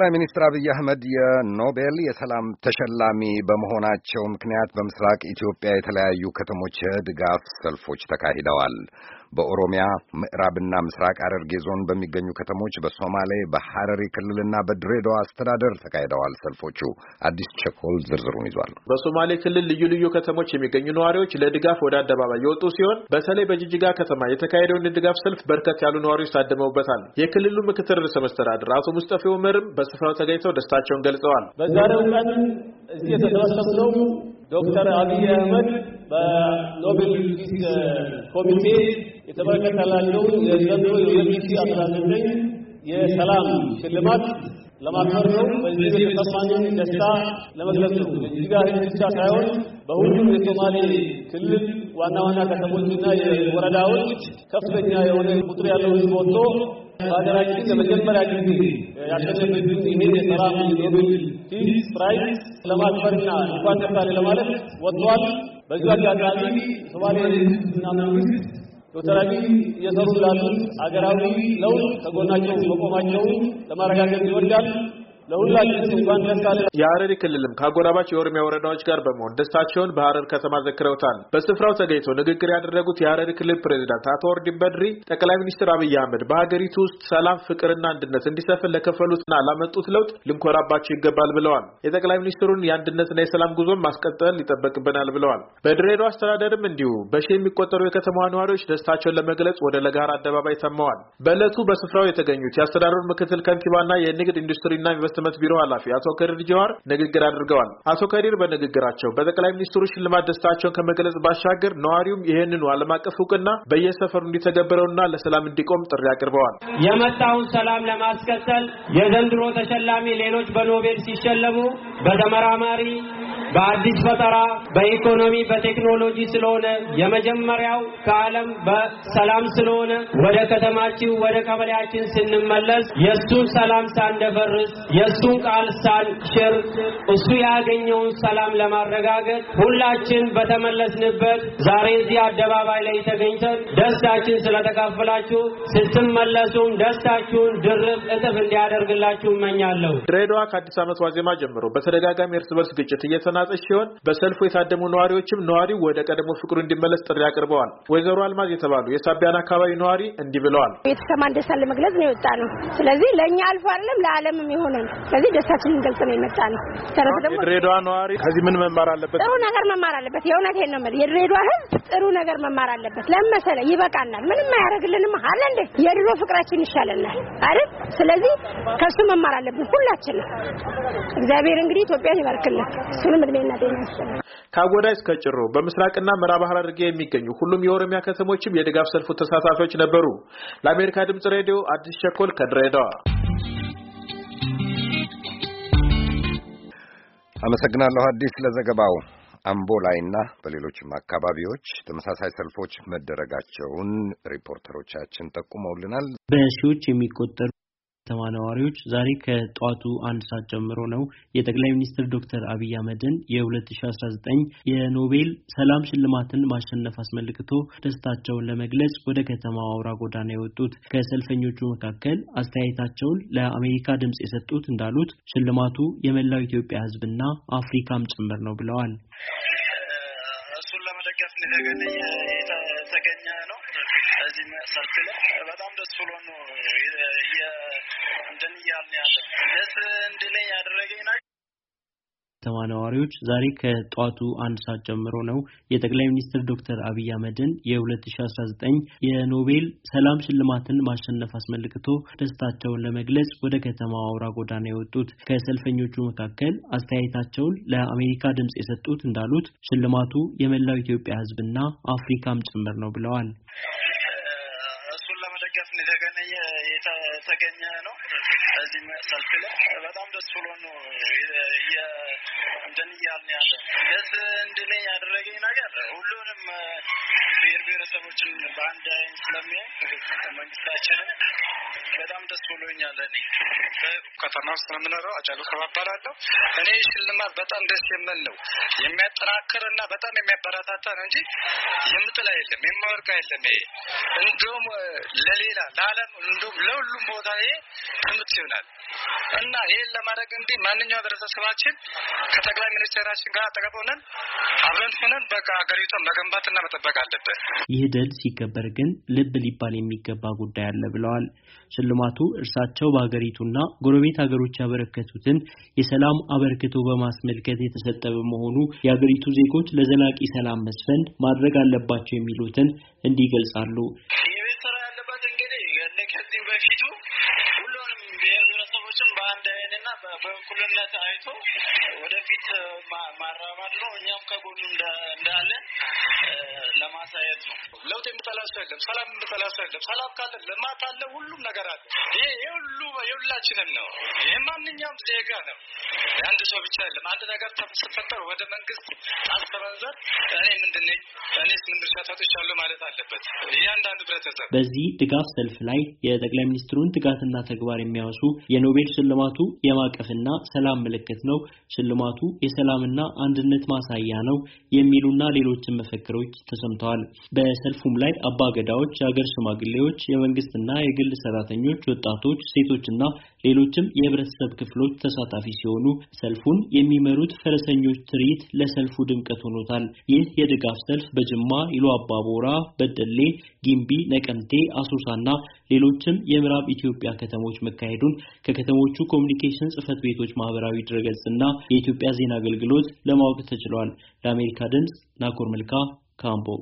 ጠቅላይ ሚኒስትር አብይ አህመድ የኖቤል የሰላም ተሸላሚ በመሆናቸው ምክንያት በምስራቅ ኢትዮጵያ የተለያዩ ከተሞች የድጋፍ ሰልፎች ተካሂደዋል። በኦሮሚያ ምዕራብና ምስራቅ ሐረርጌ ዞን በሚገኙ ከተሞች፣ በሶማሌ በሐረሪ ክልልና በድሬዳዋ አስተዳደር ተካሂደዋል ሰልፎቹ። አዲስ ቸኮል ዝርዝሩን ይዟል። በሶማሌ ክልል ልዩ ልዩ ከተሞች የሚገኙ ነዋሪዎች ለድጋፍ ወደ አደባባይ የወጡ ሲሆን በተለይ በጅጅጋ ከተማ የተካሄደውን የድጋፍ ሰልፍ በርከት ያሉ ነዋሪዎች ታድመውበታል። የክልሉ ምክትል ርዕሰ መስተዳድር አቶ ሙስጠፌ ኡመርም በስፍራው ተገኝተው ደስታቸውን ገልጸዋል። በዛሬው ቀን እዚህ ዶክተር አብይ አህመድ በኖቤል ፒስ ኮሚቴ የተበረከተላቸው የዘንድሮ የሁለት ሺህ አስራ ዘጠኝ የሰላም ሽልማት ለማክበር ነው። በዚህ የተሰማኝን ደስታ ለመግለጽ ነው። እዚህ ጋር ብቻ ሳይሆን በሁሉም የሶማሌ ክልል ዋና ዋና ከተሞችና የወረዳዎች ከፍተኛ የሆነ ቁጥር ያለው ህዝብ ወጥቶ በሀገራችን ለመጀመሪያ ጊዜ ያሸነፈችውን ይህን የሰላም ኖቤል ፒስ ፕራይዝ ለማክበርና እንኳን ደስ አለ ለማለት ወጥቷል። በዚሁ አጋጣሚ ሶማሌ ሕዝብና መንግስት ዶክተራዊ እየሰሩ ላሉት አገራዊ ለውጥ ከጎናቸው መቆማቸውን ለማረጋገጥ ይወዳል። ለሁላችን እንኳን ደስ የሀረሪ ክልልም ከአጎራባች የኦሮሚያ ወረዳዎች ጋር በመሆን ደስታቸውን በሀረር ከተማ ዘክረውታል። በስፍራው ተገኝቶ ንግግር ያደረጉት የሀረሪ ክልል ፕሬዚዳንት አቶ ወርዲ በድሪ ጠቅላይ ሚኒስትር አብይ አህመድ በሀገሪቱ ውስጥ ሰላም፣ ፍቅርና አንድነት እንዲሰፍን ለከፈሉትና ላመጡት ለውጥ ልንኮራባቸው ይገባል ብለዋል። የጠቅላይ ሚኒስትሩን የአንድነትና የሰላም ጉዞን ማስቀጠል ይጠበቅብናል ብለዋል። በድሬዳዋ አስተዳደርም እንዲሁ በሺ የሚቆጠሩ የከተማዋ ነዋሪዎች ደስታቸውን ለመግለጽ ወደ ለጋራ አደባባይ ሰማዋል። በዕለቱ በስፍራው የተገኙት የአስተዳደሩ ምክትል ከንቲባና የንግድ ኢንዱስትሪና ኢንቨስትመንት ትምህርት ቢሮ ኃላፊ አቶ ከሪር ጀዋር ንግግር አድርገዋል። አቶ ከሪር በንግግራቸው በጠቅላይ ሚኒስትሩ ሽልማት ደስታቸውን ከመግለጽ ባሻገር ነዋሪውም ይህንኑ ዓለም አቀፍ እውቅና በየሰፈሩ እንዲተገበረውና ለሰላም እንዲቆም ጥሪ አቅርበዋል። የመጣውን ሰላም ለማስከተል የዘንድሮ ተሸላሚ ሌሎች በኖቤል ሲሸለሙ በተመራማሪ በአዲስ ፈጠራ፣ በኢኮኖሚ፣ በቴክኖሎጂ ስለሆነ የመጀመሪያው ከዓለም በሰላም ስለሆነ ወደ ከተማችን ወደ ቀበሌያችን ስንመለስ የእሱን ሰላም ሳንደፈርስ የእሱን ቃል ሳንሽር እሱ ያገኘውን ሰላም ለማረጋገጥ ሁላችን በተመለስንበት ዛሬ እዚህ አደባባይ ላይ ተገኝተን ደስታችን ስለተካፈላችሁ ስትመለሱም ደስታችሁን ድርብ እጥፍ እንዲያደርግላችሁ እመኛለሁ። ድሬዳዋ ከአዲስ ዓመት ዋዜማ ጀምሮ በተደጋጋሚ እርስ በርስ ግጭት እየተናጸች ሲሆን በሰልፉ የታደሙ ነዋሪዎችም ነዋሪው ወደ ቀድሞ ፍቅሩ እንዲመለስ ጥሪ አቅርበዋል። ወይዘሮ አልማዝ የተባሉ የሳቢያን አካባቢ ነዋሪ እንዲህ ብለዋል። የተሰማን ደስታ ለመግለጽ ነው የወጣ ነው። ስለዚህ ለእኛ አልፎ አይደለም ለዓለምም የሆነ ነው። ስለዚህ ደስታችን እንገልጽ ነው የመጣ ነው። ተረፍ ደግሞ የድሬዳዋ ነዋሪ ከዚህ ምን መማር አለበት? ጥሩ ነገር መማር አለበት። የእውነት ነው የምልህ። የድሬዳዋ ህዝብ ጥሩ ነገር መማር አለበት። ለምን መሰለህ? ይበቃናል። ምንም አያደርግልንም አለ እንዴ። የድሮ ፍቅራችን ይሻለናል አይደል? ስለዚህ ከሱ መማር አለብን ሁላችንም። እግዚአብሔር እንግዲህ እንግዲህ ኢትዮጵያ ይባርክልህ። እሱንም እድሜና ጤና ያስጠላል። ከአጎዳ እስከ ጭሮ በምስራቅና ምዕራብ ሐረርጌ የሚገኙ ሁሉም የኦሮሚያ ከተሞችም የድጋፍ ሰልፉ ተሳታፊዎች ነበሩ። ለአሜሪካ ድምጽ ሬዲዮ አዲስ ሸኮል ከድሬዳዋ አመሰግናለሁ። አዲስ ለዘገባው። አምቦ ላይና በሌሎችም አካባቢዎች ተመሳሳይ ሰልፎች መደረጋቸውን ሪፖርተሮቻችን ጠቁመውልናል። በሺዎች የሚቆጠሩ ከተማ ነዋሪዎች ዛሬ ከጠዋቱ አንድ ሰዓት ጀምሮ ነው የጠቅላይ ሚኒስትር ዶክተር አብይ አህመድን የ2019 የኖቤል ሰላም ሽልማትን ማሸነፍ አስመልክቶ ደስታቸውን ለመግለጽ ወደ ከተማው አውራ ጎዳና የወጡት። ከሰልፈኞቹ መካከል አስተያየታቸውን ለአሜሪካ ድምፅ የሰጡት እንዳሉት ሽልማቱ የመላው ኢትዮጵያ ሕዝብና አፍሪካም ጭምር ነው ብለዋል። እሱን ለመደገፍ ስለሚያሳስለ በጣም ደስ ብሎ ነው እንትን እያልን ያለ ደስ እንድለኝ ያደረገኝ ናቸው። ከተማ ነዋሪዎች ዛሬ ከጠዋቱ አንድ ሰዓት ጀምሮ ነው የጠቅላይ ሚኒስትር ዶክተር አብይ አህመድን የ2019 የኖቤል ሰላም ሽልማትን ማሸነፍ አስመልክቶ ደስታቸውን ለመግለጽ ወደ ከተማው አውራ ጎዳና የወጡት። ከሰልፈኞቹ መካከል አስተያየታቸውን ለአሜሪካ ድምፅ የሰጡት እንዳሉት ሽልማቱ የመላው ኢትዮጵያ ሕዝብና አፍሪካም ጭምር ነው ብለዋል። ሰልፍ ላይ በጣም ደስ ብሎ ነው እንትን እያልን ያለ ደስ እንድለኝ ያደረገኝ ነገር ሁሉንም ብሔር ብሔረሰቦችን በአንድ አይን ስለሚያይ መንግስታችንን በጣም ደስ ብሎኛል። እኔ ከተማ ውስጥ ነው የምኖረው። አጫሉ ከባባላለሁ እኔ ሽልማት በጣም ደስ የምል ነው የሚያጠናክር እና በጣም የሚያበረታታ ነው እንጂ የምጥል አይደለም፣ የማወርቅ አይደለም። ይሄ እንዲሁም ለሌላ ለዓለም እንዲሁም ለሁሉም ቦታ ይሄ ትምህርት ይሆናል። እና ይህን ለማድረግ እንዲህ ማንኛውም ህብረተሰባችን ከጠቅላይ ሚኒስቴራችን ጋር አጠገብ ሆነን አብረን ሆነን በቃ ሀገሪቷን መገንባትና መጠበቅ አለብን። ይህ ድል ሲከበር ግን ልብ ሊባል የሚገባ ጉዳይ አለ ብለዋል። ሽልማቱ እርሳቸው በሀገሪቱና ጎረቤት ሀገሮች ያበረከቱትን የሰላም አበርክቶ በማስመልከት የተሰጠ በመሆኑ የሀገሪቱ ዜጎች ለዘላቂ ሰላም መስፈን ማድረግ አለባቸው የሚሉትን እንዲገልጻሉ በእኩልነት አይቶ ወደፊት ማራማድ ነው። እኛም ከጎኑ እንዳለን ማለት ነው። ለውጥ የምጠላ ሰው የለም። ሰላም የምጠላ ሰው የለም። ሰላም ካለ ልማት አለ፣ ሁሉም ነገር አለ። ይሄ የሁሉ የሁላችንም ነው። ይህ ማንኛውም ዜጋ ነው። አንድ ሰው ብቻ የለም። አንድ ነገር ስትፈጠር ወደ መንግስት አስተባበር እኔ ምንድን ነኝ እኔስ ምን ድርሻ ተጥቻለሁ ማለት አለበት እያንዳንዱ ህብረተሰብ። በዚህ ድጋፍ ሰልፍ ላይ የጠቅላይ ሚኒስትሩን ትጋትና ተግባር የሚያወሱ የኖቤል ሽልማቱ የማቀፍና ሰላም ምልክት ነው፣ ሽልማቱ የሰላምና አንድነት ማሳያ ነው የሚሉና ሌሎችን መፈክሮች ተሰምተዋል። በሰልፉም ላይ አባገዳዎች፣ የአገር ሽማግሌዎች፣ የመንግስትና የግል ሰራተኞች፣ ወጣቶች፣ ሴቶችና ሌሎችም የህብረተሰብ ክፍሎች ተሳታፊ ሲሆኑ ሰልፉን የሚመሩት ፈረሰኞች ትርኢት ለሰልፉ ድምቀት ሆኖታል። ይህ የድጋፍ ሰልፍ በጅማ፣ ኢሉ አባቦራ፣ በደሌ፣ ጊምቢ፣ ነቀምቴ፣ አሶሳና ሌሎችም የምዕራብ ኢትዮጵያ ከተሞች መካሄዱን ከከተሞቹ ኮሚኒኬሽን ጽህፈት ቤቶች ማህበራዊ ድረገጽና የኢትዮጵያ ዜና አገልግሎት ለማወቅ ተችሏል። ለአሜሪካ ድምጽ ናኮር መልካ combo